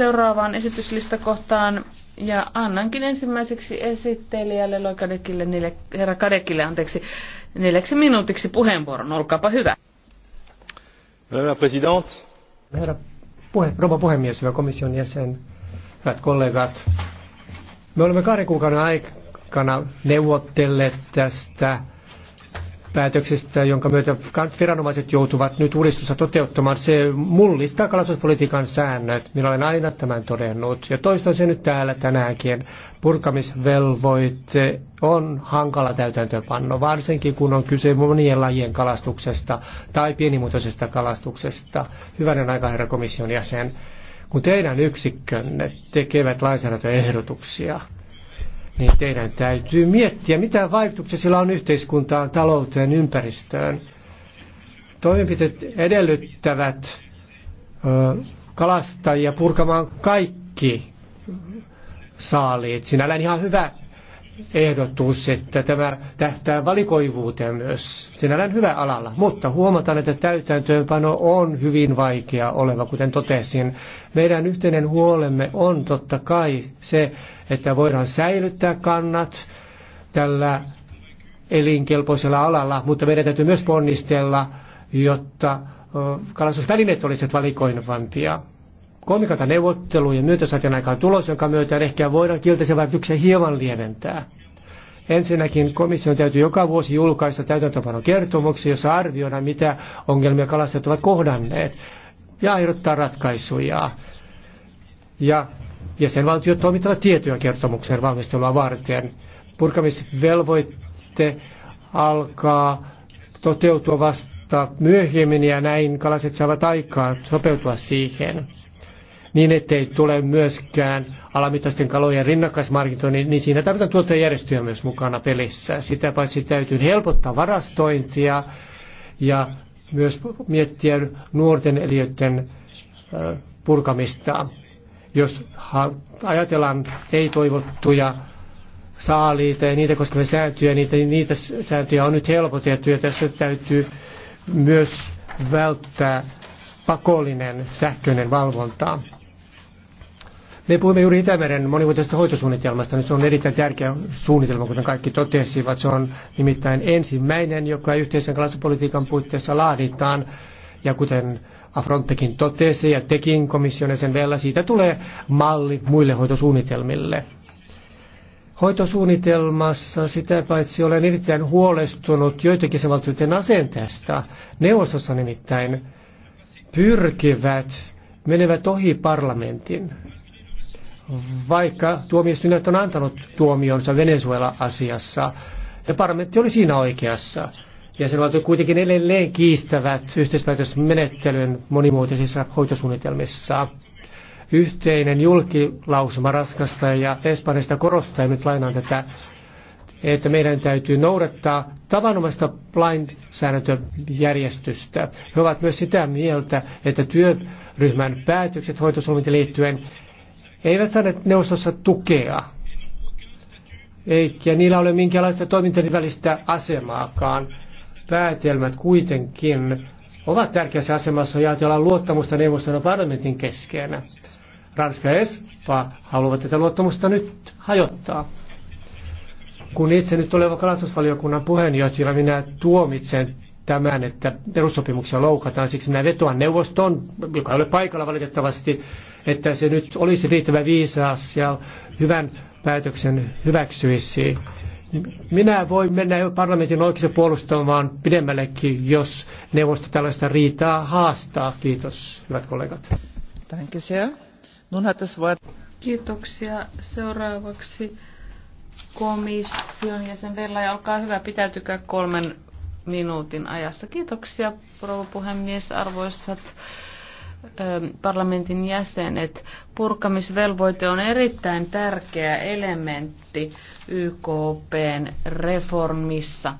seuraavaan esityslistakohtaan ja annankin ensimmäiseksi esittelijälle Loi Kadekille, niille, herra Kadekille anteeksi, neljäksi minuutiksi puheenvuoron. Olkaapa hyvä. Herra president. Herra puhe, rouva puhemies, hyvä komission jäsen, hyvät kollegat. Me olemme kahden kuukauden aikana neuvotelleet tästä päätöksestä, jonka myötä viranomaiset joutuvat nyt uudistusta toteuttamaan. Se mullistaa kalastuspolitiikan säännöt. Minä olen aina tämän todennut ja toistan sen nyt täällä tänäänkin. Purkamisvelvoite on hankala täytäntöönpanno, varsinkin kun on kyse monien lajien kalastuksesta tai pienimuotoisesta kalastuksesta. Hyvänen aika, herra komission jäsen kun teidän yksikkönne tekevät lainsäädäntöehdotuksia, niin teidän täytyy miettiä, mitä vaikutuksia sillä on yhteiskuntaan, talouteen, ympäristöön. Toimenpiteet edellyttävät kalastajia purkamaan kaikki saaliit. Sinällään ihan hyvä ehdotus, että tämä tähtää valikoivuuteen myös. Sinällään hyvä alalla, mutta huomataan, että täytäntöönpano on hyvin vaikea oleva, kuten totesin. Meidän yhteinen huolemme on totta kai se, että voidaan säilyttää kannat tällä elinkelpoisella alalla, mutta meidän täytyy myös ponnistella, jotta kalastusvälineet olisivat valikoivampia kolmikata neuvottelujen myötä saatiin aikaan tulos, jonka myötä ehkä voidaan kielteisiä vaikutuksia hieman lieventää. Ensinnäkin komission täytyy joka vuosi julkaista täytäntöpanon kertomuksia, jossa arvioidaan, mitä ongelmia kalastajat ovat kohdanneet ja ehdottaa ratkaisuja. Ja jäsenvaltiot toimittavat tietoja kertomuksen valmistelua varten. Purkamisvelvoitte alkaa toteutua vasta myöhemmin ja näin kalaset saavat aikaa sopeutua siihen niin ettei tule myöskään alamittaisten kalojen rinnakkaismarkkinointi, niin, niin siinä tarvitaan tuottajajärjestöjä myös mukana pelissä. Sitä paitsi täytyy helpottaa varastointia ja myös miettiä nuorten eliöiden purkamista. Jos ajatellaan ei-toivottuja saaliita ja niitä koskevia sääntöjä, niitä, niitä sääntöjä on nyt helpotettu ja tässä täytyy myös välttää pakollinen sähköinen valvonta. Me puhumme juuri Itämeren monivuotisesta hoitosuunnitelmasta. Nyt se on erittäin tärkeä suunnitelma, kuten kaikki totesivat. Se on nimittäin ensimmäinen, joka yhteisen kansapolitiikan puitteissa laaditaan. Ja kuten Afrontekin totesi ja tekin komission sen vielä, siitä tulee malli muille hoitosuunnitelmille. Hoitosuunnitelmassa sitä paitsi olen erittäin huolestunut joitakin valtioiden asenteesta. Neuvostossa nimittäin pyrkivät menevät ohi parlamentin vaikka tuomioistuimet on antanut tuomionsa Venezuela-asiassa. Ja parlamentti oli siinä oikeassa. Ja sen ovat kuitenkin edelleen kiistävät yhteispäätösmenettelyn monimuotoisissa hoitosuunnitelmissa. Yhteinen julkilausuma Ranskasta ja Espanjasta korostaa, ja nyt lainaan tätä, että meidän täytyy noudattaa tavanomaista lainsäädäntöjärjestystä. He ovat myös sitä mieltä, että työryhmän päätökset hoitosuunnitelmiin liittyen eivät saaneet neuvostossa tukea, eikä niillä ole minkäänlaista toimintojen välistä asemaakaan. Päätelmät kuitenkin ovat tärkeässä asemassa ja ajatellaan luottamusta neuvoston ja parlamentin keskeenä. Ranska ja Espa haluavat tätä luottamusta nyt hajottaa. Kun itse nyt oleva kalastusvaliokunnan puheenjohtaja, minä tuomitsen tämän, että perussopimuksia loukataan. Siksi minä vetoan neuvoston, joka ei ole paikalla valitettavasti, että se nyt olisi riittävä viisaas ja hyvän päätöksen hyväksyisi. Minä voin mennä parlamentin oikeus puolustamaan pidemmällekin, jos neuvosto tällaista riitaa haastaa. Kiitos, hyvät kollegat. Kiitoksia. Seuraavaksi komission jäsen Vella, ja olkaa hyvä, pitäytykää kolmen minuutin ajassa. Kiitoksia, rouva puhemies, arvoisat parlamentin jäsenet. Purkamisvelvoite on erittäin tärkeä elementti YKPn reformissa.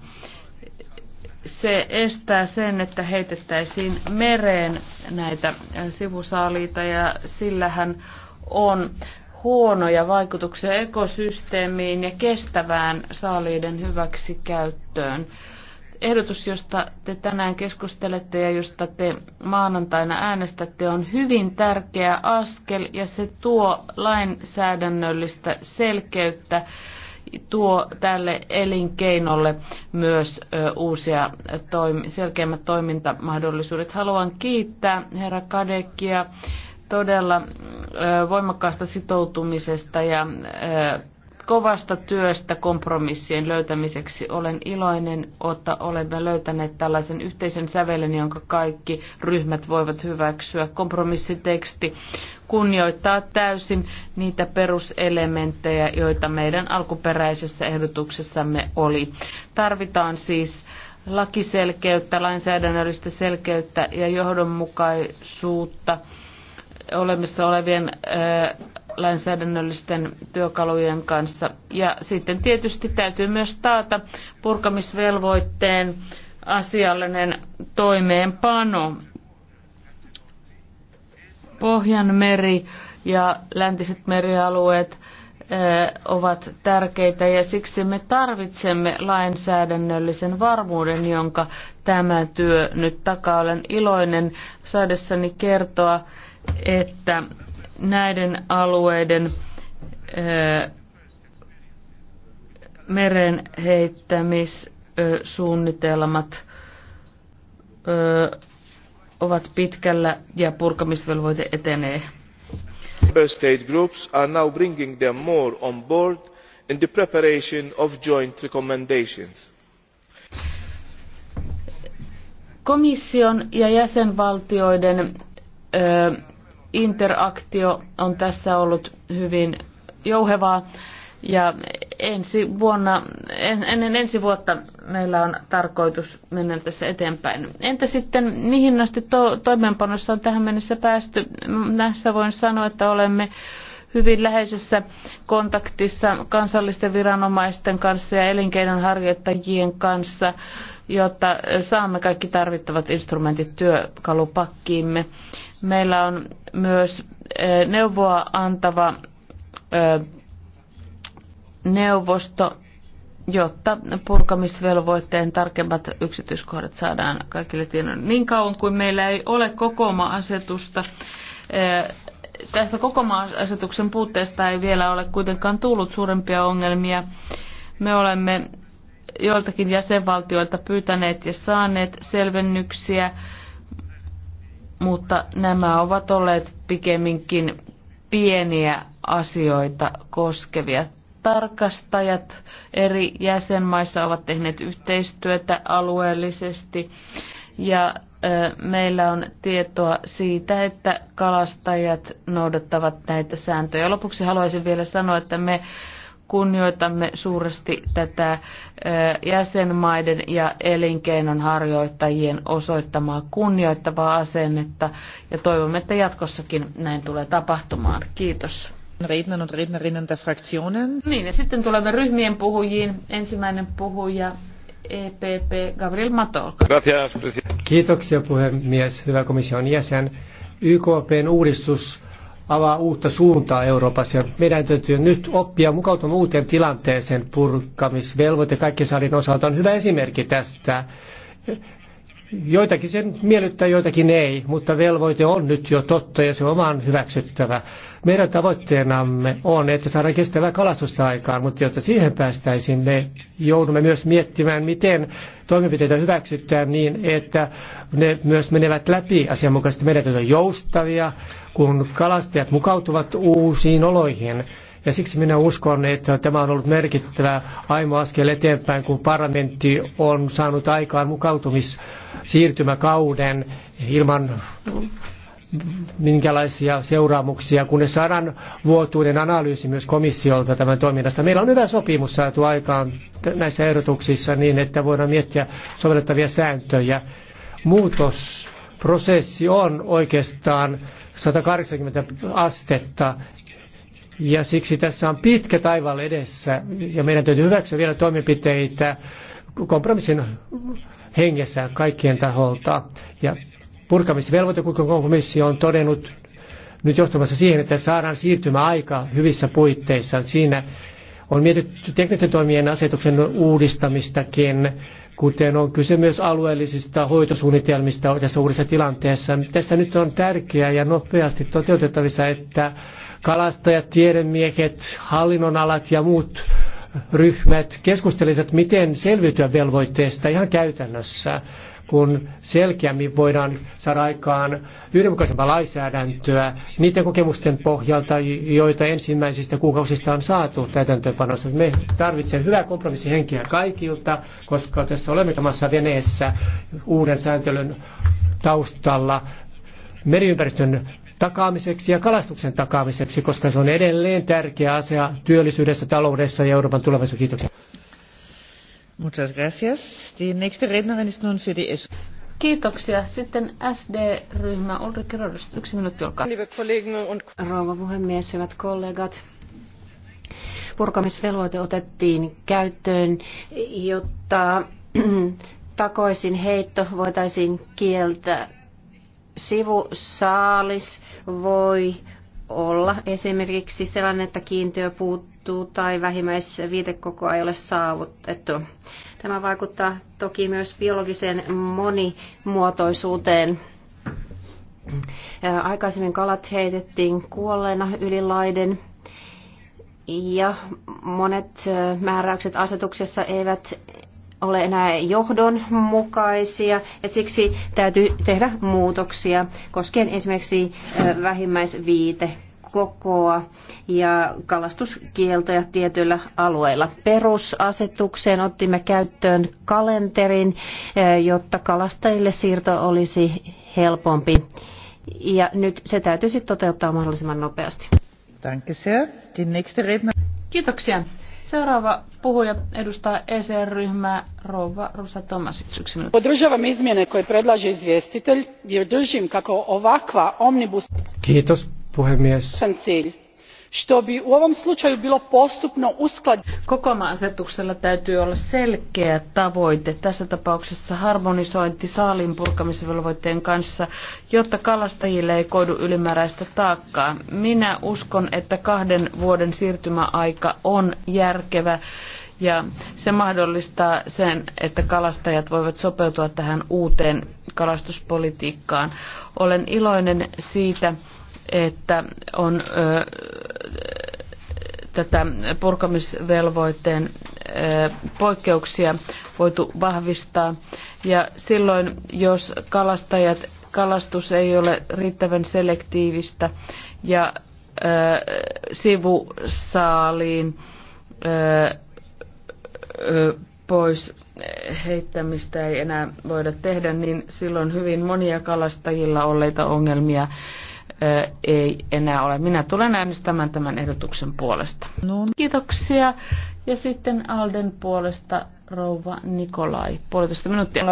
Se estää sen, että heitettäisiin mereen näitä sivusaaliita ja sillähän on huonoja vaikutuksia ekosysteemiin ja kestävään saaliiden hyväksikäyttöön. käyttöön ehdotus, josta te tänään keskustelette ja josta te maanantaina äänestätte, on hyvin tärkeä askel ja se tuo lainsäädännöllistä selkeyttä, tuo tälle elinkeinolle myös uusia toimi, selkeämmät toimintamahdollisuudet. Haluan kiittää herra Kadekia todella voimakkaasta sitoutumisesta ja kovasta työstä kompromissien löytämiseksi. Olen iloinen, että olemme löytäneet tällaisen yhteisen sävelen, jonka kaikki ryhmät voivat hyväksyä. Kompromissiteksti kunnioittaa täysin niitä peruselementtejä, joita meidän alkuperäisessä ehdotuksessamme oli. Tarvitaan siis lakiselkeyttä, lainsäädännöllistä selkeyttä ja johdonmukaisuutta olemassa olevien lainsäädännöllisten työkalujen kanssa. Ja sitten tietysti täytyy myös taata purkamisvelvoitteen asiallinen toimeenpano. Pohjanmeri ja läntiset merialueet eh, ovat tärkeitä ja siksi me tarvitsemme lainsäädännöllisen varmuuden, jonka tämä työ nyt takaa. Olen iloinen saadessani kertoa, että näiden alueiden meren heittämissuunnitelmat ovat pitkällä ja purkamisvelvoite etenee. Member state groups are now bringing them more on board in the preparation of joint recommendations. Komission ja jäsenvaltioiden ö, interaktio on tässä ollut hyvin jouhevaa. Ja ensi vuonna, ennen ensi vuotta meillä on tarkoitus mennä tässä eteenpäin. Entä sitten, mihin asti to, toimeenpanossa on tähän mennessä päästy? Näissä voin sanoa, että olemme hyvin läheisessä kontaktissa kansallisten viranomaisten kanssa ja elinkeinonharjoittajien kanssa, jotta saamme kaikki tarvittavat instrumentit työkalupakkiimme. Meillä on myös eh, neuvoa antava eh, neuvosto, jotta purkamisvelvoitteen tarkemmat yksityiskohdat saadaan kaikille tiedon. Niin kauan kuin meillä ei ole kokooma asetusta, eh, tästä koko asetuksen puutteesta ei vielä ole kuitenkaan tullut suurempia ongelmia. Me olemme joiltakin jäsenvaltioilta pyytäneet ja saaneet selvennyksiä, mutta nämä ovat olleet pikemminkin pieniä asioita koskevia. Tarkastajat eri jäsenmaissa ovat tehneet yhteistyötä alueellisesti ja meillä on tietoa siitä, että kalastajat noudattavat näitä sääntöjä. Lopuksi haluaisin vielä sanoa, että me kunnioitamme suuresti tätä jäsenmaiden ja elinkeinon harjoittajien osoittamaa kunnioittavaa asennetta ja toivomme, että jatkossakin näin tulee tapahtumaan. Kiitos. Rednern und Rednerinnen der Fraktionen. Niin, ja sitten tulemme ryhmien puhujiin. Ensimmäinen puhuja EPP Gabriel Matol. Kiitoksia puhemies, hyvä komission jäsen. YKPn uudistus avaa uutta suuntaa Euroopassa ja meidän täytyy nyt oppia mukautumaan uuteen tilanteeseen purkamisvelvoite kaikki salin osalta on hyvä esimerkki tästä. Joitakin sen miellyttää, joitakin ei, mutta velvoite on nyt jo totta ja se on vain hyväksyttävä. Meidän tavoitteenamme on, että saadaan kestävää kalastusta aikaan, mutta jotta siihen päästäisiin, me joudumme myös miettimään, miten toimenpiteitä hyväksytään niin, että ne myös menevät läpi asianmukaisesti. Meidän on joustavia, kun kalastajat mukautuvat uusiin oloihin. Ja siksi minä uskon, että tämä on ollut merkittävä aimo askel eteenpäin, kun parlamentti on saanut aikaan mukautumissiirtymäkauden ilman minkälaisia seuraamuksia, kunnes saadaan vuotuinen analyysi myös komissiolta tämän toiminnasta. Meillä on hyvä sopimus saatu aikaan näissä ehdotuksissa niin, että voidaan miettiä sovellettavia sääntöjä. Muutosprosessi on oikeastaan 180 astetta ja siksi tässä on pitkä taivaalla edessä ja meidän täytyy hyväksyä vielä toimenpiteitä kompromissin hengessä kaikkien taholta. Ja purkamisvelvoite, kun komissio on todennut nyt johtamassa siihen, että saadaan siirtymäaika hyvissä puitteissa. Siinä on mietitty teknisten toimien asetuksen uudistamistakin, kuten on kyse myös alueellisista hoitosuunnitelmista tässä uudessa tilanteessa. Tässä nyt on tärkeää ja nopeasti toteutettavissa, että kalastajat, tiedemiehet, hallinnonalat ja muut ryhmät keskustelivat, miten selviytyä velvoitteesta ihan käytännössä kun selkeämmin voidaan saada aikaan yhdenmukaisempaa lainsäädäntöä niiden kokemusten pohjalta, joita ensimmäisistä kuukausista on saatu täytäntöönpanossa. Me tarvitsemme hyvää kompromissihenkeä kaikilta, koska tässä olemme tämässä veneessä uuden sääntelyn taustalla meriympäristön takaamiseksi ja kalastuksen takaamiseksi, koska se on edelleen tärkeä asia työllisyydessä, taloudessa ja Euroopan tulevaisuudessa. Kiitoksia. Muchas gracias. Die nächste Rednerin ist nun für die Kiitoksia. Sitten SD-ryhmä Ulrike Rodost. Yksi minuutti, olkaa. Rouva puhemies, hyvät kollegat. Purkamisvelvoite otettiin käyttöön, jotta takoisin heitto voitaisiin kieltää. Sivusaalis voi olla esimerkiksi sellainen, että kiintiö puuttuu saavutettu tai vähimmäisviitekokoa ei ole saavutettu. Tämä vaikuttaa toki myös biologiseen monimuotoisuuteen. Aikaisemmin kalat heitettiin kuolleena yli laiden ja monet määräykset asetuksessa eivät ole enää johdonmukaisia ja siksi täytyy tehdä muutoksia koskien esimerkiksi vähimmäisviite kokoa ja kalastuskieltoja tietyillä alueilla. Perusasetukseen ottimme käyttöön kalenterin, eh, jotta kalastajille siirto olisi helpompi. Ja nyt se sitten toteuttaa mahdollisimman nopeasti. Kiitoksia. Seuraava puhuja edustaa ECR-ryhmää Rova Rusa Tomasic. Podržavam izmjene koje predlaže izvjestitelj jer držim kako ovakva omnibus... Kiitos puhemies bi asetuksella täytyy olla selkeä tavoite, tässä tapauksessa harmonisointi saalin purkamisvelvoitteen kanssa, jotta kalastajille ei koidu ylimääräistä taakkaa. Minä uskon, että kahden vuoden siirtymäaika on järkevä ja se mahdollistaa sen, että kalastajat voivat sopeutua tähän uuteen kalastuspolitiikkaan. Olen iloinen siitä, että on ö, tätä purkamisvelvoitteen ö, poikkeuksia voitu vahvistaa. Ja silloin, jos kalastajat, kalastus ei ole riittävän selektiivistä ja ö, sivusaaliin ö, ö, pois heittämistä ei enää voida tehdä, niin silloin hyvin monia kalastajilla olleita ongelmia ei enää ole. Minä tulen äänestämään tämän ehdotuksen puolesta. No. Kiitoksia. Ja sitten Alden puolesta rouva Nikolai. Puolitoista minuuttia.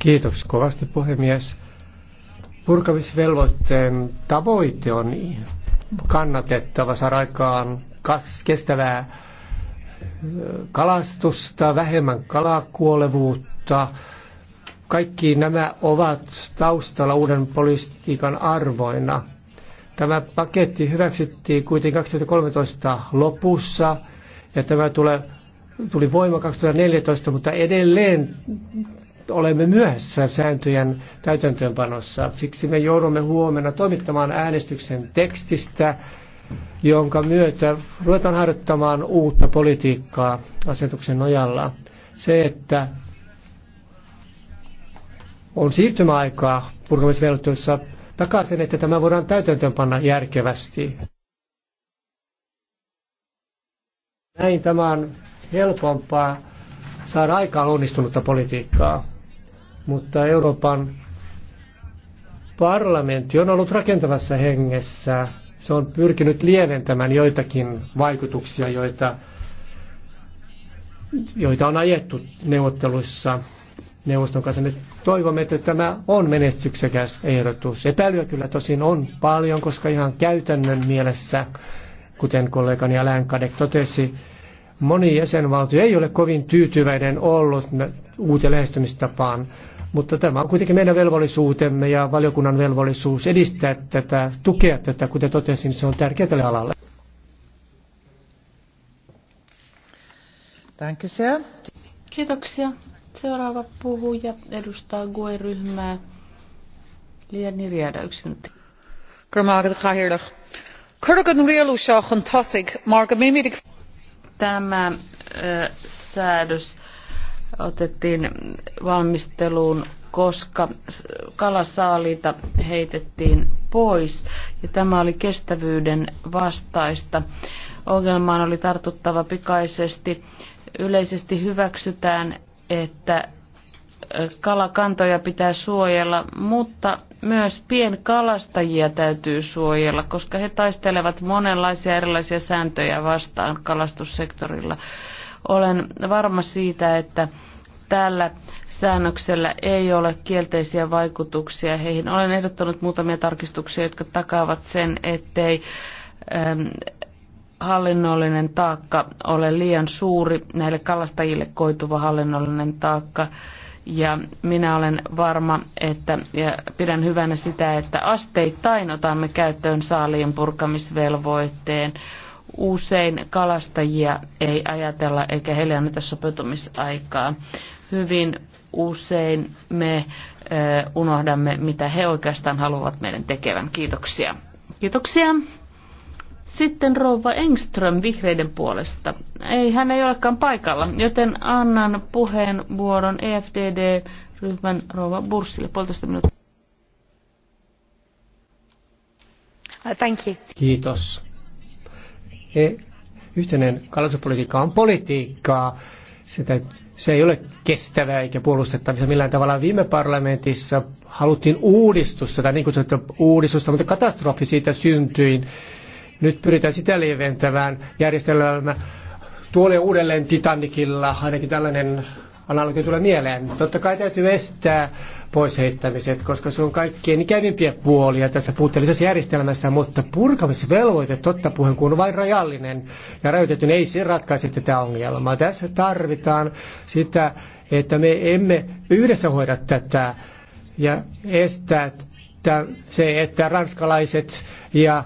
Kiitos kovasti puhemies. Purkamisvelvoitteen tavoite on kannatettava saada aikaan kestävää kalastusta, vähemmän kalakuolevuutta, kaikki nämä ovat taustalla uuden politiikan arvoina. Tämä paketti hyväksyttiin kuitenkin 2013 lopussa ja tämä tulee, tuli voima 2014, mutta edelleen olemme myöhässä sääntöjen täytäntöönpanossa. Siksi me joudumme huomenna toimittamaan äänestyksen tekstistä, jonka myötä ruvetaan harjoittamaan uutta politiikkaa asetuksen nojalla. Se, että on siirtymäaikaa purkamisvelvoitteessa takaisin, että tämä voidaan täytäntöönpanna järkevästi. Näin tämä on helpompaa saada aikaan onnistunutta politiikkaa. Mutta Euroopan parlamentti on ollut rakentavassa hengessä. Se on pyrkinyt lieventämään joitakin vaikutuksia, joita, joita on ajettu neuvotteluissa neuvoston kanssa. Me toivomme, että tämä on menestyksekäs ehdotus. Epäilyä kyllä tosin on paljon, koska ihan käytännön mielessä, kuten kollegani Alain Kadek totesi, moni jäsenvaltio ei ole kovin tyytyväinen ollut uuteen lähestymistapaan, mutta tämä on kuitenkin meidän velvollisuutemme ja valiokunnan velvollisuus edistää tätä, tukea tätä, kuten totesin, se on tärkeää tälle alalle. Kiitoksia. Seuraava puhuja edustaa GUE-ryhmää. Lieni Riada, yksi minuutti. Tämä säädös otettiin valmisteluun, koska kalasaaliita heitettiin pois ja tämä oli kestävyyden vastaista. Ongelmaan oli tartuttava pikaisesti. Yleisesti hyväksytään että kalakantoja pitää suojella, mutta myös pienkalastajia täytyy suojella, koska he taistelevat monenlaisia erilaisia sääntöjä vastaan kalastussektorilla. Olen varma siitä, että tällä säännöksellä ei ole kielteisiä vaikutuksia heihin. Olen ehdottanut muutamia tarkistuksia, jotka takaavat sen, ettei hallinnollinen taakka ole liian suuri, näille kalastajille koituva hallinnollinen taakka. Ja minä olen varma, että ja pidän hyvänä sitä, että asteittain otamme käyttöön saalien purkamisvelvoitteen. Usein kalastajia ei ajatella eikä heille anneta sopeutumisaikaa. Hyvin usein me unohdamme, mitä he oikeastaan haluavat meidän tekevän. Kiitoksia. Kiitoksia. Sitten rouva Engström vihreiden puolesta. Ei, hän ei olekaan paikalla, joten annan puheenvuoron EFDD-ryhmän rouva Bursille puolitoista minuuttia. Uh, thank you. Kiitos. E, yhteinen kalastuspolitiikka on politiikkaa. Sitä, se ei ole kestävää eikä puolustettavissa millään tavalla. Viime parlamentissa haluttiin uudistusta, tai niin sanottu, uudistusta, mutta katastrofi siitä syntyi nyt pyritään sitä lieventämään järjestelmällä tuolle uudelleen Titanicilla, ainakin tällainen analogia tulee mieleen. Totta kai täytyy estää pois heittämiset, koska se on kaikkien ikävimpiä puolia tässä puutteellisessa järjestelmässä, mutta purkamisvelvoite totta puheen kun on vain rajallinen ja rajoitetun, niin ei se ratkaise tätä ongelmaa. Tässä tarvitaan sitä, että me emme yhdessä hoida tätä ja estää se, että ranskalaiset ja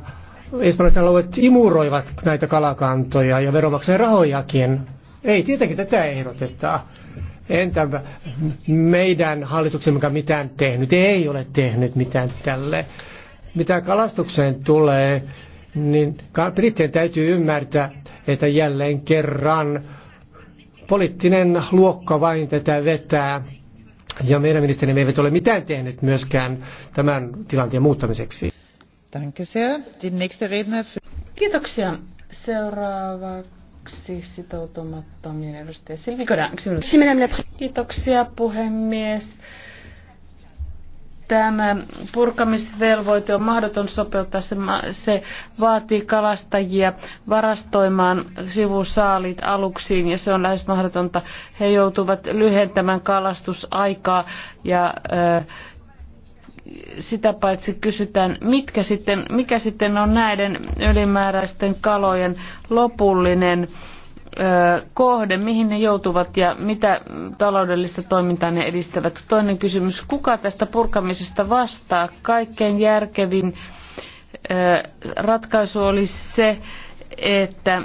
espanjalaiset alueet imuroivat näitä kalakantoja ja veronmaksajien rahojakin. Ei tietenkin tätä ehdoteta. Entä meidän hallituksen mikä mitään tehnyt? Ei ole tehnyt mitään tälle. Mitä kalastukseen tulee, niin Brittien täytyy ymmärtää, että jälleen kerran poliittinen luokka vain tätä vetää. Ja meidän ministerimme eivät ole mitään tehnyt myöskään tämän tilanteen muuttamiseksi. Kiitoksia. Seuraavaksi sitoutumattomien edustaja Silvi Kiitoksia puhemies. Tämä purkamisvelvoite on mahdoton sopeuttaa. Se, se vaatii kalastajia varastoimaan sivusaalit aluksiin ja se on lähes mahdotonta. He joutuvat lyhentämään kalastusaikaa ja ö, sitä paitsi kysytään, mitkä sitten, mikä sitten on näiden ylimääräisten kalojen lopullinen ö, kohde, mihin ne joutuvat ja mitä taloudellista toimintaa ne edistävät. Toinen kysymys, kuka tästä purkamisesta vastaa? Kaikkein järkevin ö, ratkaisu olisi se, että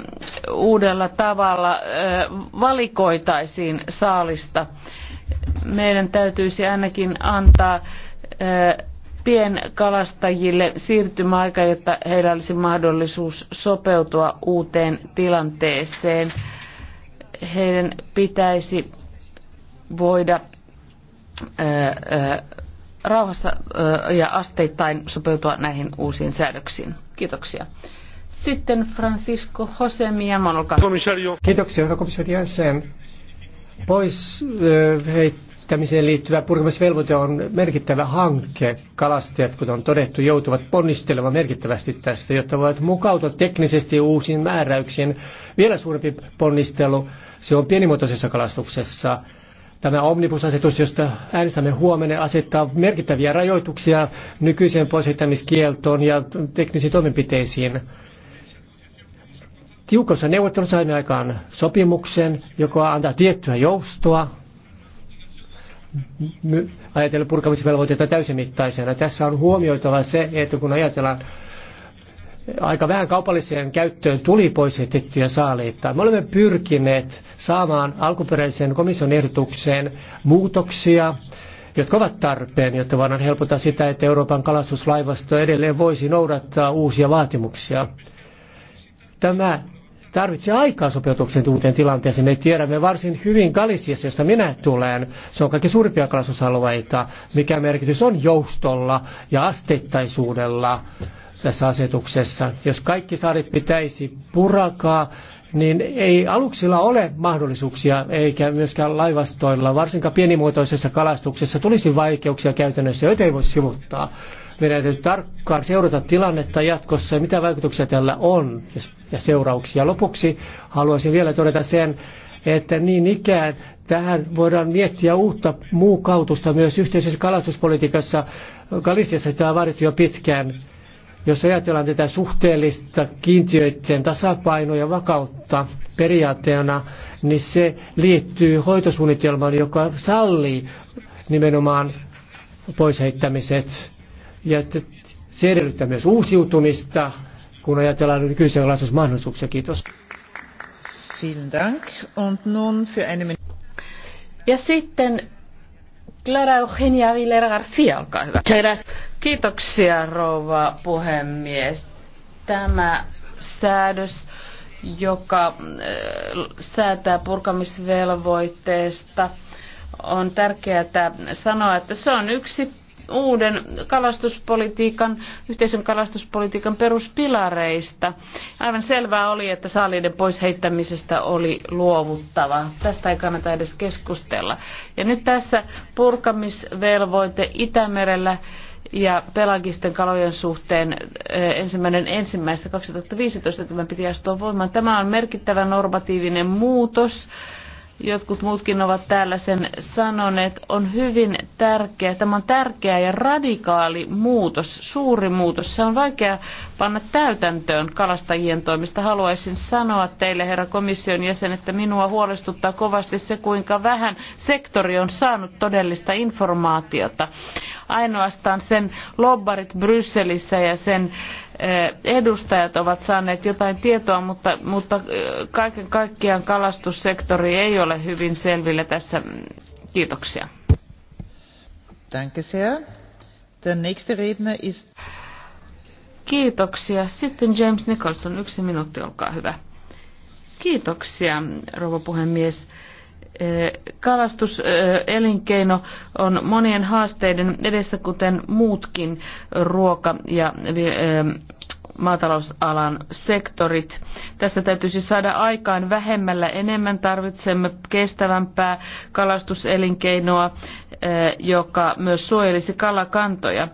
uudella tavalla valikoitaisiin saalista. Meidän täytyisi ainakin antaa pienkalastajille siirtymäaika, jotta heillä olisi mahdollisuus sopeutua uuteen tilanteeseen. Heidän pitäisi voida rauhassa ja asteittain sopeutua näihin uusiin säädöksiin. Kiitoksia. Sitten Francisco Jose Miamon, olkaa Kiitoksia, hyvä Pois heittää kehittämiseen liittyvä purkamisvelvoite on merkittävä hanke. Kalastajat, kuten on todettu, joutuvat ponnistelemaan merkittävästi tästä, jotta voivat mukautua teknisesti uusiin määräyksiin. Vielä suurempi ponnistelu, se on pienimuotoisessa kalastuksessa. Tämä omnibusasetus, josta äänestämme huomenna, asettaa merkittäviä rajoituksia nykyiseen poisettamiskieltoon ja teknisiin toimenpiteisiin tiukossa neuvottelussa saimme aikaan sopimuksen, joka antaa tiettyä joustoa Mm. ajatellen purkamisvelvoitteita täysimittaisena. Tässä on huomioitava se, että kun ajatellaan aika vähän kaupalliseen käyttöön tuli pois heitettyjä saaliita. Me olemme pyrkineet saamaan alkuperäisen komission ehdotukseen muutoksia, jotka ovat tarpeen, jotta voidaan helpottaa sitä, että Euroopan kalastuslaivasto edelleen voisi noudattaa uusia vaatimuksia. Tämä tarvitsee aikaa sopeutuksen uuteen tilanteeseen. Me tiedämme varsin hyvin Galisiassa, josta minä tulen. Se on kaikki suurimpia kalastusalueita, mikä merkitys on joustolla ja asteittaisuudella tässä asetuksessa. Jos kaikki saaret pitäisi purakaa, niin ei aluksilla ole mahdollisuuksia, eikä myöskään laivastoilla, varsinkaan pienimuotoisessa kalastuksessa tulisi vaikeuksia käytännössä, joita ei voi sivuttaa. Meidän täytyy tarkkaan seurata tilannetta jatkossa ja mitä vaikutuksia tällä on ja seurauksia. Lopuksi haluaisin vielä todeta sen, että niin ikään tähän voidaan miettiä uutta muukautusta myös yhteisessä kalastuspolitiikassa. Kalistiassa tämä on vaadittu jo pitkään. Jos ajatellaan tätä suhteellista kiintiöiden tasapainoa ja vakautta periaatteena, niin se liittyy hoitosuunnitelmaan, joka sallii nimenomaan poisheittämiset ja että se edellyttää myös uusiutumista, kun ajatellaan nykyisiä mahdollisuuksia. Kiitos. Ja sitten Clara Eugenia Villera Garcia, olkaa hyvä. Kiitoksia rouva puhemies. Tämä säädös, joka äh, säätää purkamisvelvoitteesta, on tärkeää sanoa, että se on yksi uuden kalastuspolitiikan, yhteisen kalastuspolitiikan peruspilareista. Aivan selvää oli, että saaliiden pois heittämisestä oli luovuttava. Tästä ei kannata edes keskustella. Ja nyt tässä purkamisvelvoite Itämerellä ja pelagisten kalojen suhteen eh, ensimmäinen ensimmäistä 2015 tämä piti astua voimaan. Tämä on merkittävä normatiivinen muutos jotkut muutkin ovat täällä sen sanoneet, on hyvin tärkeä. Tämä on tärkeä ja radikaali muutos, suuri muutos. Se on vaikea panna täytäntöön kalastajien toimista. Haluaisin sanoa teille, herra komission jäsen, että minua huolestuttaa kovasti se, kuinka vähän sektori on saanut todellista informaatiota. Ainoastaan sen lobbarit Brysselissä ja sen eh, edustajat ovat saaneet jotain tietoa, mutta, mutta eh, kaiken kaikkiaan kalastussektori ei ole hyvin selvillä tässä. Kiitoksia. Danke sehr. Der nächste Redner ist... Kiitoksia. Sitten James Nicholson, yksi minuutti, olkaa hyvä. Kiitoksia, rouva puhemies. Kalastuselinkeino on monien haasteiden edessä, kuten muutkin ruoka- ja maatalousalan sektorit. Tässä täytyisi siis saada aikaan vähemmällä enemmän. Tarvitsemme kestävämpää kalastuselinkeinoa, joka myös suojelisi kalakantoja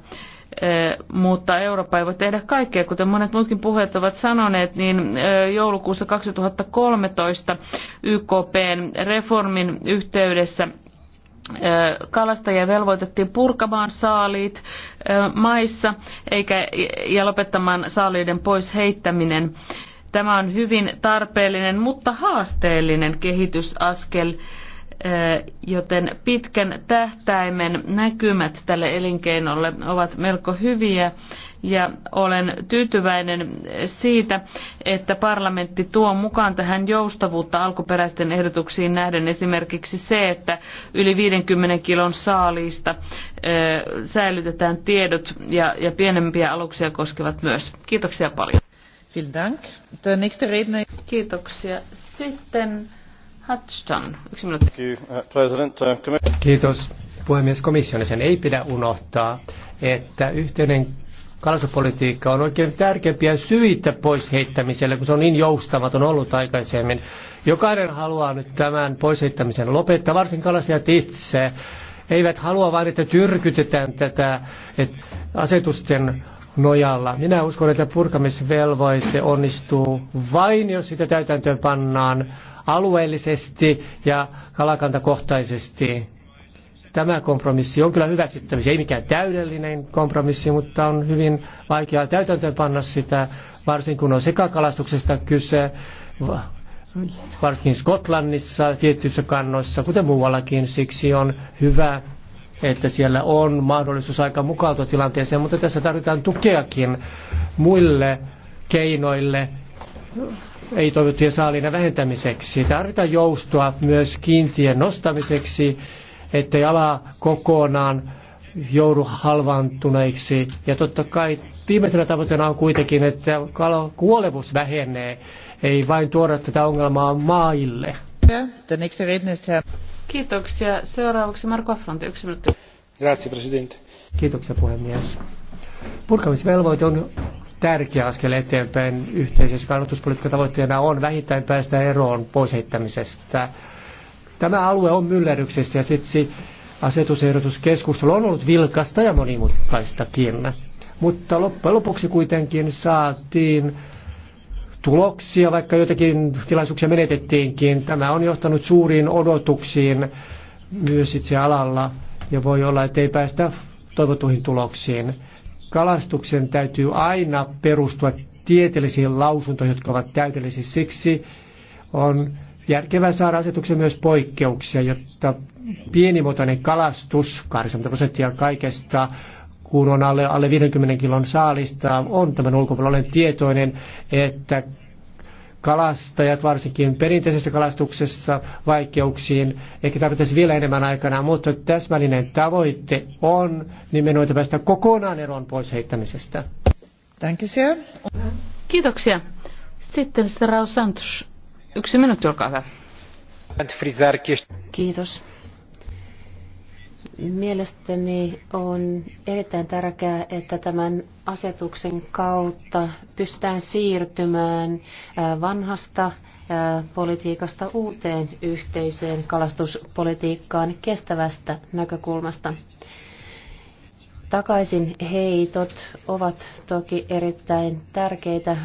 mutta Eurooppa ei voi tehdä kaikkea. Kuten monet muutkin puheet ovat sanoneet, niin joulukuussa 2013 YKPn reformin yhteydessä kalastajia velvoitettiin purkamaan saaliit maissa eikä, ja lopettamaan saaliiden pois heittäminen. Tämä on hyvin tarpeellinen, mutta haasteellinen kehitysaskel joten pitkän tähtäimen näkymät tälle elinkeinolle ovat melko hyviä ja olen tyytyväinen siitä, että parlamentti tuo mukaan tähän joustavuutta alkuperäisten ehdotuksiin nähden esimerkiksi se, että yli 50 kilon saaliista säilytetään tiedot ja, ja pienempiä aluksia koskevat myös. Kiitoksia paljon. Kiitoksia. Sitten Hudson, yksi minuutti. Uh, uh, Kiitos puhemies komission. Sen ei pidä unohtaa, että yhteinen kalastuspolitiikka on oikein tärkeimpiä syitä pois heittämiselle, kun se on niin joustamaton ollut aikaisemmin. Jokainen haluaa nyt tämän pois heittämisen lopettaa, varsin kalastajat itse. Eivät halua vain, että tyrkytetään tätä että asetusten nojalla. Minä uskon, että purkamisvelvoite onnistuu vain, jos sitä täytäntöön pannaan alueellisesti ja kalakantakohtaisesti. Tämä kompromissi on kyllä hyväksyttävissä, ei mikään täydellinen kompromissi, mutta on hyvin vaikea täytäntöönpanna sitä, varsinkin kun on sekakalastuksesta kyse, varsinkin Skotlannissa tietyissä kannoissa, kuten muuallakin. Siksi on hyvä, että siellä on mahdollisuus aika mukautua tilanteeseen, mutta tässä tarvitaan tukeakin muille keinoille ei toivottujen saaliina vähentämiseksi. Tarvitaan joustoa myös kiintien nostamiseksi, ettei ala kokonaan joudu halvantuneiksi. Ja totta kai viimeisenä tavoitteena on kuitenkin, että kuolevuus vähenee, ei vain tuoda tätä ongelmaa maille. Uh, Kiitoksia. Seuraavaksi Marko Affronti, yksi minuutti. Grazie, Presidente. Kiitoksia, puhemies. Purkamisvelvoite on tärkeä askel eteenpäin yhteisessä kannatuspolitiikan tavoitteena on vähittäin päästä eroon poisheittämisestä. Tämä alue on myllerryksessä ja siksi asetusehdotuskeskustelu on ollut vilkasta ja monimutkaistakin. Mutta loppujen lopuksi kuitenkin saatiin tuloksia, vaikka jotakin tilaisuuksia menetettiinkin. Tämä on johtanut suuriin odotuksiin myös itse alalla ja voi olla, että ei päästä toivotuihin tuloksiin kalastuksen täytyy aina perustua tieteellisiin lausuntoihin, jotka ovat täydellisiä. Siksi on järkevää saada asetuksen myös poikkeuksia, jotta pienimuotoinen kalastus, 80 prosenttia kaikesta, kun on alle, alle 50 kilon saalista, on tämän ulkopuolella. Olen tietoinen, että kalastajat, varsinkin perinteisessä kalastuksessa, vaikeuksiin. Ehkä tarvittaisiin vielä enemmän aikana, mutta täsmällinen tavoite on nimenomaan päästä kokonaan eroon pois heittämisestä. Kiitoksia. Kiitoksia. Sitten Sarau Santos. Yksi minuutti, olkaa hyvä. Kiitos. Mielestäni on erittäin tärkeää, että tämän asetuksen kautta pystytään siirtymään vanhasta politiikasta uuteen yhteiseen kalastuspolitiikkaan kestävästä näkökulmasta. Takaisin heitot ovat toki erittäin tärkeitä,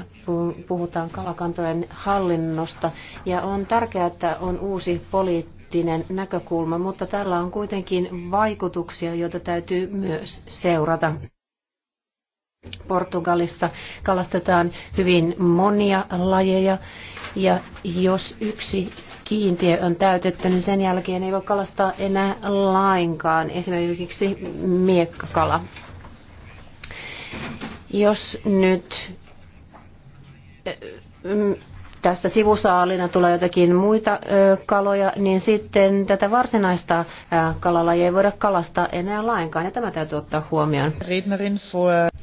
puhutaan kalakantojen hallinnosta ja on tärkeää, että on uusi poliittinen poliittinen näkökulma, mutta tällä on kuitenkin vaikutuksia, joita täytyy myös seurata. Portugalissa kalastetaan hyvin monia lajeja ja jos yksi kiintiö on täytetty, niin sen jälkeen ei voi kalastaa enää lainkaan, esimerkiksi miekkakala. Jos nyt tässä sivusaalina tulee jotakin muita kaloja, niin sitten tätä varsinaista kalalajia ei voida kalastaa enää lainkaan, ja tämä täytyy ottaa huomioon.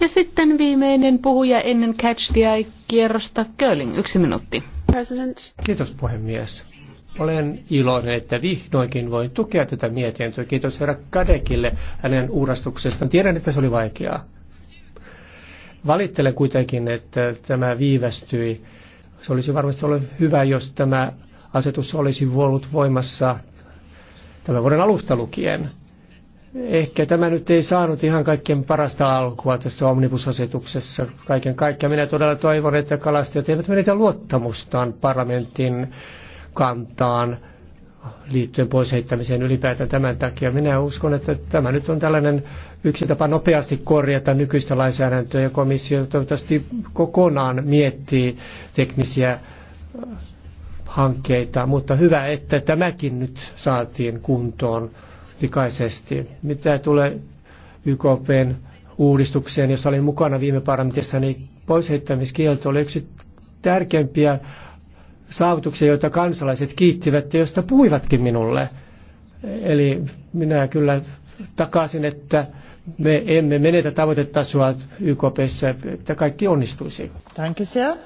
Ja sitten viimeinen puhuja ennen Catch the Eye-kierrosta, Curling, yksi minuutti. President. Kiitos puhemies. Olen iloinen, että vihdoinkin voin tukea tätä mietintöä. Kiitos herra Kadekille hänen uurastuksestaan. Tiedän, että se oli vaikeaa. Valittelen kuitenkin, että tämä viivästyi se olisi varmasti ollut hyvä, jos tämä asetus olisi ollut voimassa tämän vuoden alusta lukien. Ehkä tämä nyt ei saanut ihan kaikkien parasta alkua tässä omnibusasetuksessa kaiken kaikkiaan. Minä todella toivon, että kalastajat eivät menetä luottamustaan parlamentin kantaan liittyen pois heittämiseen ylipäätään tämän takia. Minä uskon, että tämä nyt on tällainen yksi tapa nopeasti korjata nykyistä lainsäädäntöä ja komissio toivottavasti kokonaan miettii teknisiä äh, hankkeita, mutta hyvä, että tämäkin nyt saatiin kuntoon pikaisesti. Mitä tulee YKPn uudistukseen, jossa olin mukana viime parlamentissa, niin poisheittämiskielto oli yksi tärkeimpiä saavutuksia, joita kansalaiset kiittivät ja joista puhuivatkin minulle. Eli minä kyllä takaisin, että me emme menetä tavoitetasoa YKPssä, että kaikki onnistuisi. Tankisia.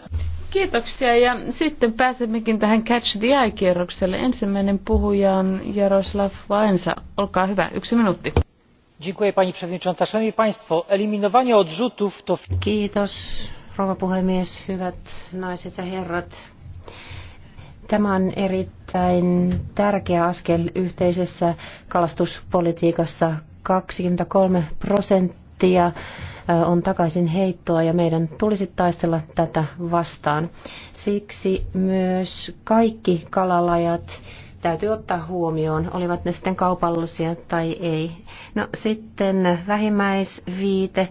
Kiitoksia ja sitten pääsemmekin tähän Catch the Eye-kierrokselle. Ensimmäinen puhuja on Jaroslav Vaensa. Olkaa hyvä, yksi minuutti. Dziękuję pani przewodnicząca. Szanowni państwo, eliminowanie odrzutów to... Kiitos, rouva puhemies, hyvät naiset ja herrat Tämä on erittäin tärkeä askel yhteisessä kalastuspolitiikassa. 23 prosenttia on takaisin heittoa ja meidän tulisi taistella tätä vastaan. Siksi myös kaikki kalalajat täytyy ottaa huomioon, olivat ne sitten kaupallisia tai ei. No sitten vähimmäisviite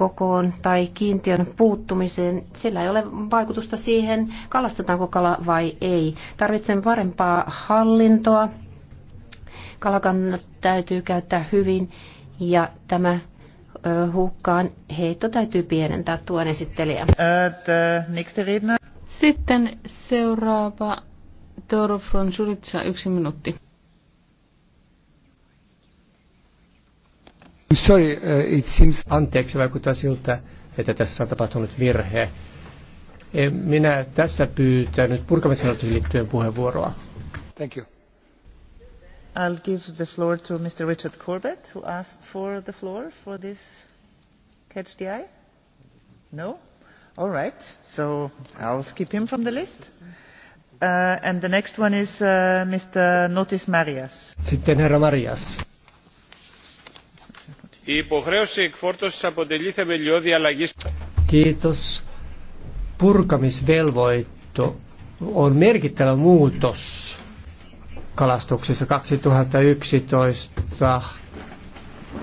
kokoon tai kiintiön puuttumiseen, sillä ei ole vaikutusta siihen, kalastetaanko kala vai ei. Tarvitsen parempaa hallintoa, kalakannat täytyy käyttää hyvin ja tämä hukkaan heitto täytyy pienentää tuon esittelijä. Sitten seuraava Toro Fronsulitsa, yksi minuutti. Sorry, uh, it seems... Anteeksi, vaikuttaa siltä, että tässä on tapahtunut virhe. Eh, minä tässä pyytänyt purkamisen liittyen puheenvuoroa. Thank you. I'll give the floor to Mr. Richard Corbett, who asked for the floor for this catch the eye. No? All right. So I'll skip him from the list. Uh, and the next one is uh, Mr. Notis Marias. Sitten herra Marias. Η υποχρέωση εκφόρτωσης αποτελεί θεμελιώδη αλλαγή. Kiitos. Purkamisvelvoitto on merkittävä muutos kalastuksessa 2011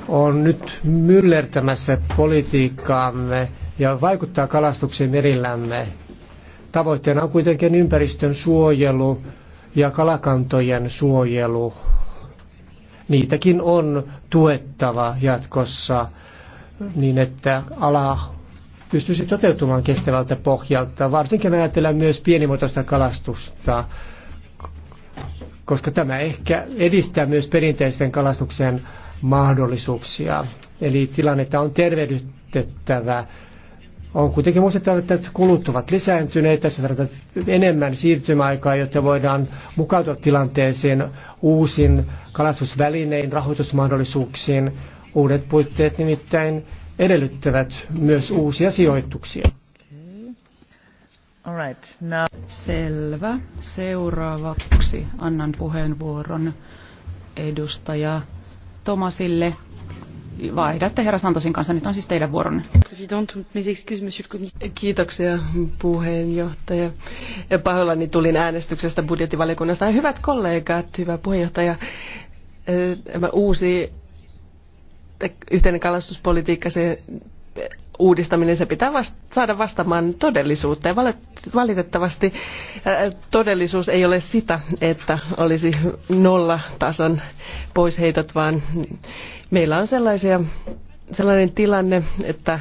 on nyt myllertämässä politiikkaamme ja vaikuttaa kalastukseen merillämme. Tavoitteena on kuitenkin ympäristön suojelu ja kalakantojen suojelu niitäkin on tuettava jatkossa niin, että ala pystyisi toteutumaan kestävältä pohjalta. Varsinkin ajatellaan myös pienimuotoista kalastusta, koska tämä ehkä edistää myös perinteisten kalastuksen mahdollisuuksia. Eli tilannetta on tervehdytettävä on kuitenkin muistettava, että kulut ovat lisääntyneet, tässä tarvitaan enemmän siirtymäaikaa, jotta voidaan mukautua tilanteeseen uusin kalastusvälinein, rahoitusmahdollisuuksiin. Uudet puitteet nimittäin edellyttävät myös uusia sijoituksia. All right, now... Selvä. Seuraavaksi annan puheenvuoron edustaja Tomasille vaihdatte herra Santosin kanssa. Nyt on siis teidän vuoronne. Kiitoksia puheenjohtaja. Pahoillani tulin äänestyksestä budjettivaliokunnasta. Hyvät kollegat, hyvä puheenjohtaja. Eh, tämä uusi yhteinen kalastuspolitiikka, se uudistaminen, se pitää saada vastaamaan todellisuutta. Ja valitettavasti äh, todellisuus ei ole sitä, että olisi nollatason poisheitot, vaan meillä on sellaisia, sellainen tilanne, että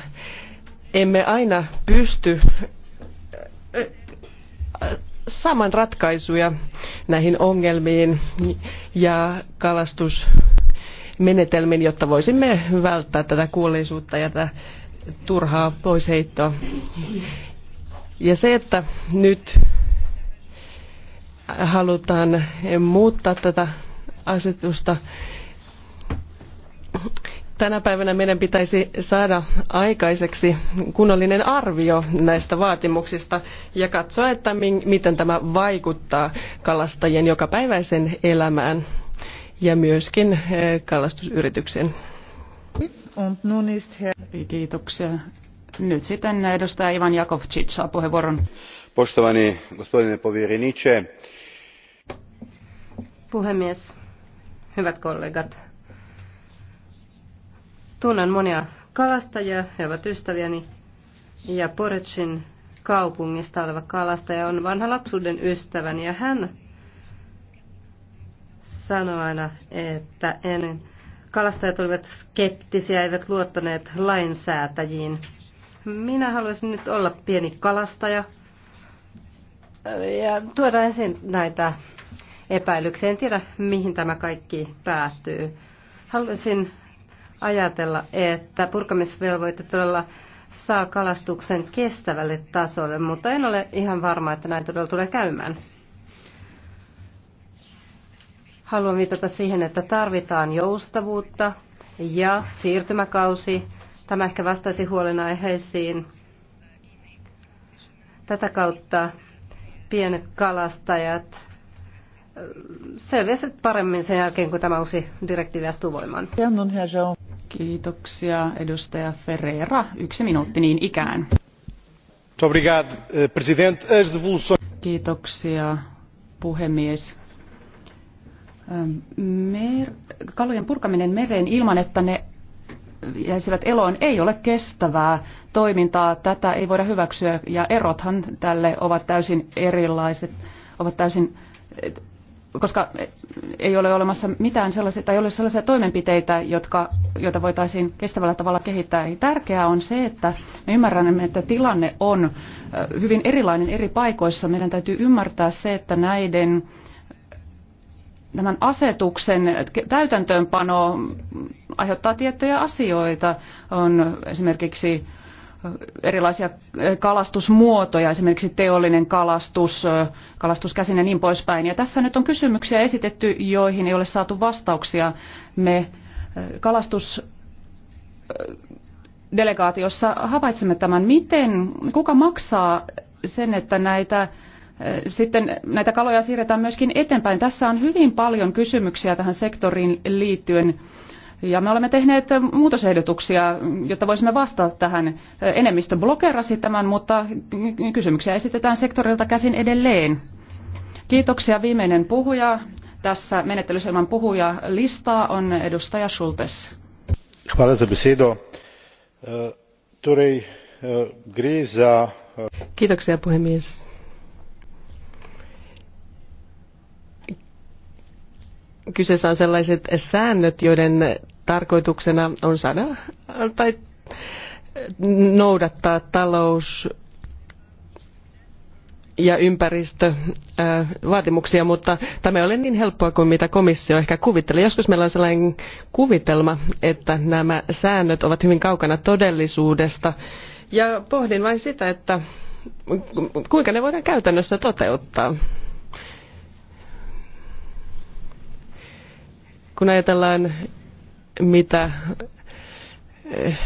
emme aina pysty äh, saman ratkaisuja näihin ongelmiin ja kalastusmenetelmiin, jotta voisimme välttää tätä kuolleisuutta ja tätä turhaa poisheittoa. Ja se, että nyt halutaan muuttaa tätä asetusta, tänä päivänä meidän pitäisi saada aikaiseksi kunnollinen arvio näistä vaatimuksista ja katsoa, että miten tämä vaikuttaa kalastajien jokapäiväisen elämään ja myöskin eh, kalastusyritykseen. Kiitoksia. Nyt sitten edustaja Ivan Jakovčić saa puheenvuoron. Poštovani gospodine povjereniče. Puhemies, hyvät kollegat. Tunnen monia kalastajia, he ovat ystäviäni, ja Porecin kaupungista oleva kalastaja on vanha lapsuuden ystäväni, ja hän sanoi aina, että ennen Kalastajat olivat skeptisiä, eivät luottaneet lainsäätäjiin. Minä haluaisin nyt olla pieni kalastaja ja tuoda esiin näitä epäilyksiä. En tiedä, mihin tämä kaikki päättyy. Haluaisin ajatella, että purkamisvelvoite todella saa kalastuksen kestävälle tasolle, mutta en ole ihan varma, että näin todella tulee käymään. Haluan viitata siihen, että tarvitaan joustavuutta ja siirtymäkausi. Tämä ehkä vastaisi huolenaiheisiin. Tätä kautta pienet kalastajat selviäisivät paremmin sen jälkeen, kun tämä uusi direktiivi astuu voimaan. Kiitoksia edustaja Ferreira. Yksi minuutti niin ikään. Eh, Kiitoksia puhemies Ähm, mer- kalojen purkaminen mereen ilman, että ne jäisivät eloon, ei ole kestävää toimintaa. Tätä ei voida hyväksyä ja erothan tälle ovat täysin erilaiset, ovat täysin, koska ei ole olemassa mitään sellaisia, tai ei ole sellaisia toimenpiteitä, jotka, joita voitaisiin kestävällä tavalla kehittää. Ja tärkeää on se, että me ymmärrämme, että tilanne on hyvin erilainen eri paikoissa. Meidän täytyy ymmärtää se, että näiden tämän asetuksen täytäntöönpano aiheuttaa tiettyjä asioita. On esimerkiksi erilaisia kalastusmuotoja, esimerkiksi teollinen kalastus, kalastuskäsine ja niin poispäin. Ja tässä nyt on kysymyksiä esitetty, joihin ei ole saatu vastauksia. Me kalastus delegaatiossa havaitsemme tämän, miten, kuka maksaa sen, että näitä sitten näitä kaloja siirretään myöskin eteenpäin. Tässä on hyvin paljon kysymyksiä tähän sektoriin liittyen. Ja me olemme tehneet muutosehdotuksia, jotta voisimme vastata tähän. Enemmistö blokerasi tämän, mutta kysymyksiä esitetään sektorilta käsin edelleen. Kiitoksia viimeinen puhuja. Tässä menettelyssä puhuja listaa on edustaja Schultes. E, e, e, Kiitoksia puhemies. Kyseessä on sellaiset säännöt, joiden tarkoituksena on saada tai noudattaa talous ja ympäristövaatimuksia, äh, mutta tämä ei ole niin helppoa kuin mitä komissio ehkä kuvittelee. Joskus meillä on sellainen kuvitelma, että nämä säännöt ovat hyvin kaukana todellisuudesta. Ja pohdin vain sitä, että kuinka ne voidaan käytännössä toteuttaa. Kun ajatellaan, mitä eh,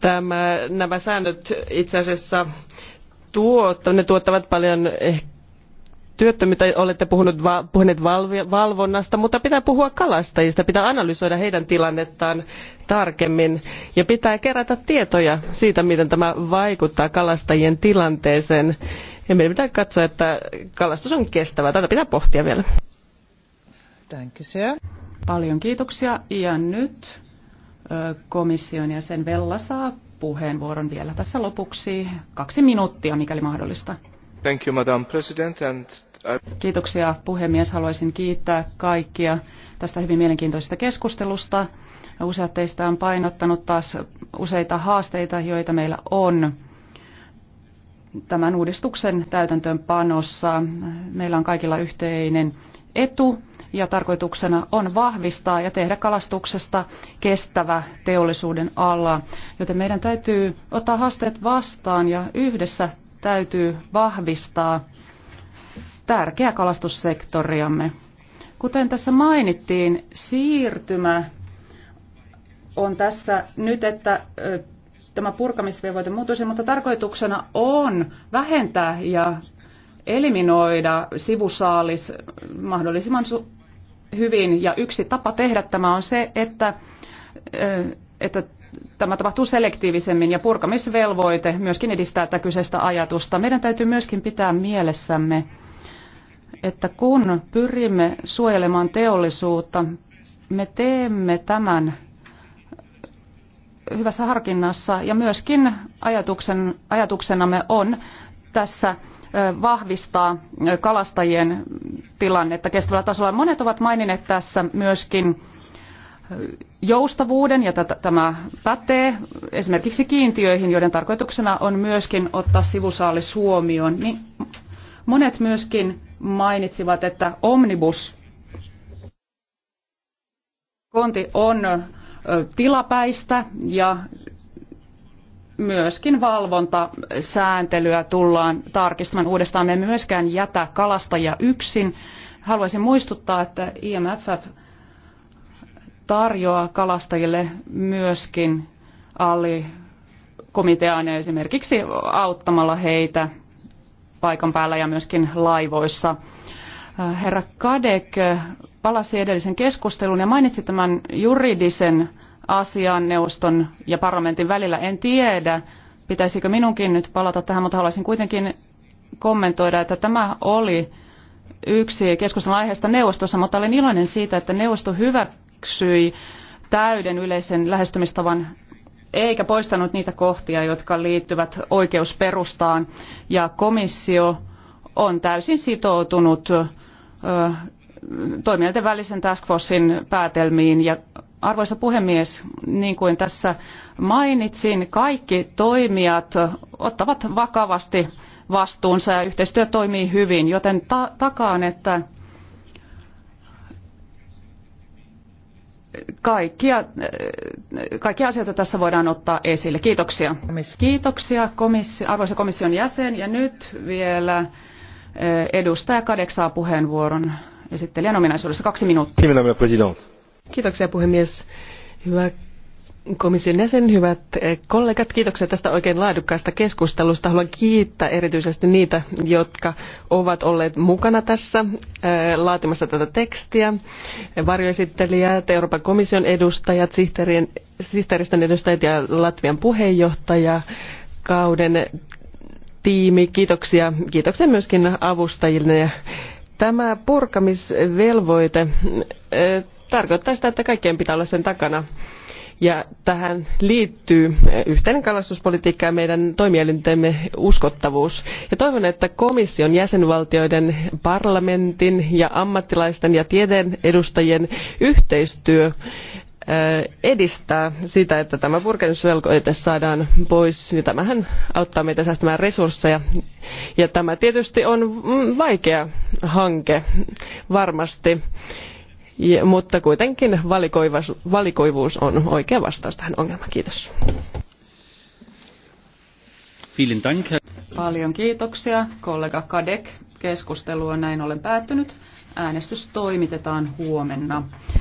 tämä, nämä säännöt itse asiassa tuottavat, ne tuottavat paljon eh, työttömyyttä. Olette puhunut, puhuneet valvonnasta, mutta pitää puhua kalastajista, pitää analysoida heidän tilannettaan tarkemmin ja pitää kerätä tietoja siitä, miten tämä vaikuttaa kalastajien tilanteeseen. Ja meidän pitää katsoa, että kalastus on kestävää. Tätä pitää pohtia vielä. Paljon kiitoksia. Ja nyt komission ja sen Vella saa puheenvuoron vielä tässä lopuksi. Kaksi minuuttia, mikäli mahdollista. Thank you, Madam President, and Kiitoksia puhemies. Haluaisin kiittää kaikkia tästä hyvin mielenkiintoisesta keskustelusta. Useat teistä on painottanut taas useita haasteita, joita meillä on tämän uudistuksen täytäntöönpanossa. Meillä on kaikilla yhteinen etu ja tarkoituksena on vahvistaa ja tehdä kalastuksesta kestävä teollisuuden ala. Joten meidän täytyy ottaa haasteet vastaan ja yhdessä täytyy vahvistaa tärkeä kalastussektoriamme. Kuten tässä mainittiin, siirtymä on tässä nyt, että tämä purkamisvelvoite muuttuisi, mutta tarkoituksena on vähentää ja eliminoida sivusaalis mahdollisimman hyvin. Ja yksi tapa tehdä tämä on se, että, että tämä tapahtuu selektiivisemmin ja purkamisvelvoite myöskin edistää tätä kyseistä ajatusta. Meidän täytyy myöskin pitää mielessämme, että kun pyrimme suojelemaan teollisuutta, me teemme tämän hyvässä harkinnassa ja myöskin ajatuksen, ajatuksenamme on tässä vahvistaa kalastajien tilannetta kestävällä tasolla. Monet ovat maininneet tässä myöskin joustavuuden, ja tämä pätee esimerkiksi kiintiöihin, joiden tarkoituksena on myöskin ottaa sivusaalis huomioon. Niin monet myöskin mainitsivat, että omnibus konti on tilapäistä ja myöskin valvontasääntelyä tullaan tarkistamaan uudestaan. Me emme myöskään jätä kalastajia yksin. Haluaisin muistuttaa, että IMFF tarjoaa kalastajille myöskin alli komiteaan esimerkiksi auttamalla heitä paikan päällä ja myöskin laivoissa. Herra Kadek palasi edellisen keskustelun ja mainitsi tämän juridisen asiaan neuvoston ja parlamentin välillä. En tiedä, pitäisikö minunkin nyt palata tähän, mutta haluaisin kuitenkin kommentoida, että tämä oli yksi keskustelun aiheesta neuvostossa, mutta olen iloinen siitä, että neuvosto hyväksyi täyden yleisen lähestymistavan eikä poistanut niitä kohtia, jotka liittyvät oikeusperustaan. Ja komissio on täysin sitoutunut toimijoiden välisen task päätelmiin ja Arvoisa puhemies, niin kuin tässä mainitsin, kaikki toimijat ottavat vakavasti vastuunsa ja yhteistyö toimii hyvin, joten ta- takaan, että kaikkia, kaikkia asioita tässä voidaan ottaa esille. Kiitoksia. Kiitoksia komissi- arvoisa komission jäsen ja nyt vielä eh, edustaja Kadek saa puheenvuoron esittelijän ominaisuudessa. Kaksi minuuttia. Kiitoksia puhemies. Hyvä komission jäsen, hyvät eh, kollegat, kiitoksia tästä oikein laadukkaasta keskustelusta. Haluan kiittää erityisesti niitä, jotka ovat olleet mukana tässä eh, laatimassa tätä tekstiä. Varjoesittelijät, Euroopan komission edustajat, sihteeristön edustajat ja Latvian puheenjohtaja kauden tiimi. Kiitoksia. Kiitoksia myöskin avustajille. Tämä purkamisvelvoite eh, tarkoittaa sitä, että kaikkien pitää olla sen takana. Ja tähän liittyy yhteinen kalastuspolitiikka ja meidän toimielintemme uskottavuus. Ja toivon, että komission jäsenvaltioiden, parlamentin ja ammattilaisten ja tieteen edustajien yhteistyö äh, edistää sitä, että tämä purkamisvelvoite saadaan pois, Ja tämähän auttaa meitä säästämään resursseja. Ja tämä tietysti on mm, vaikea hanke varmasti mutta kuitenkin valikoivuus on oikea vastaus tähän ongelmaan. Kiitos. Paljon kiitoksia, kollega Kadek. Keskustelu on näin ollen päättynyt. Äänestys toimitetaan huomenna.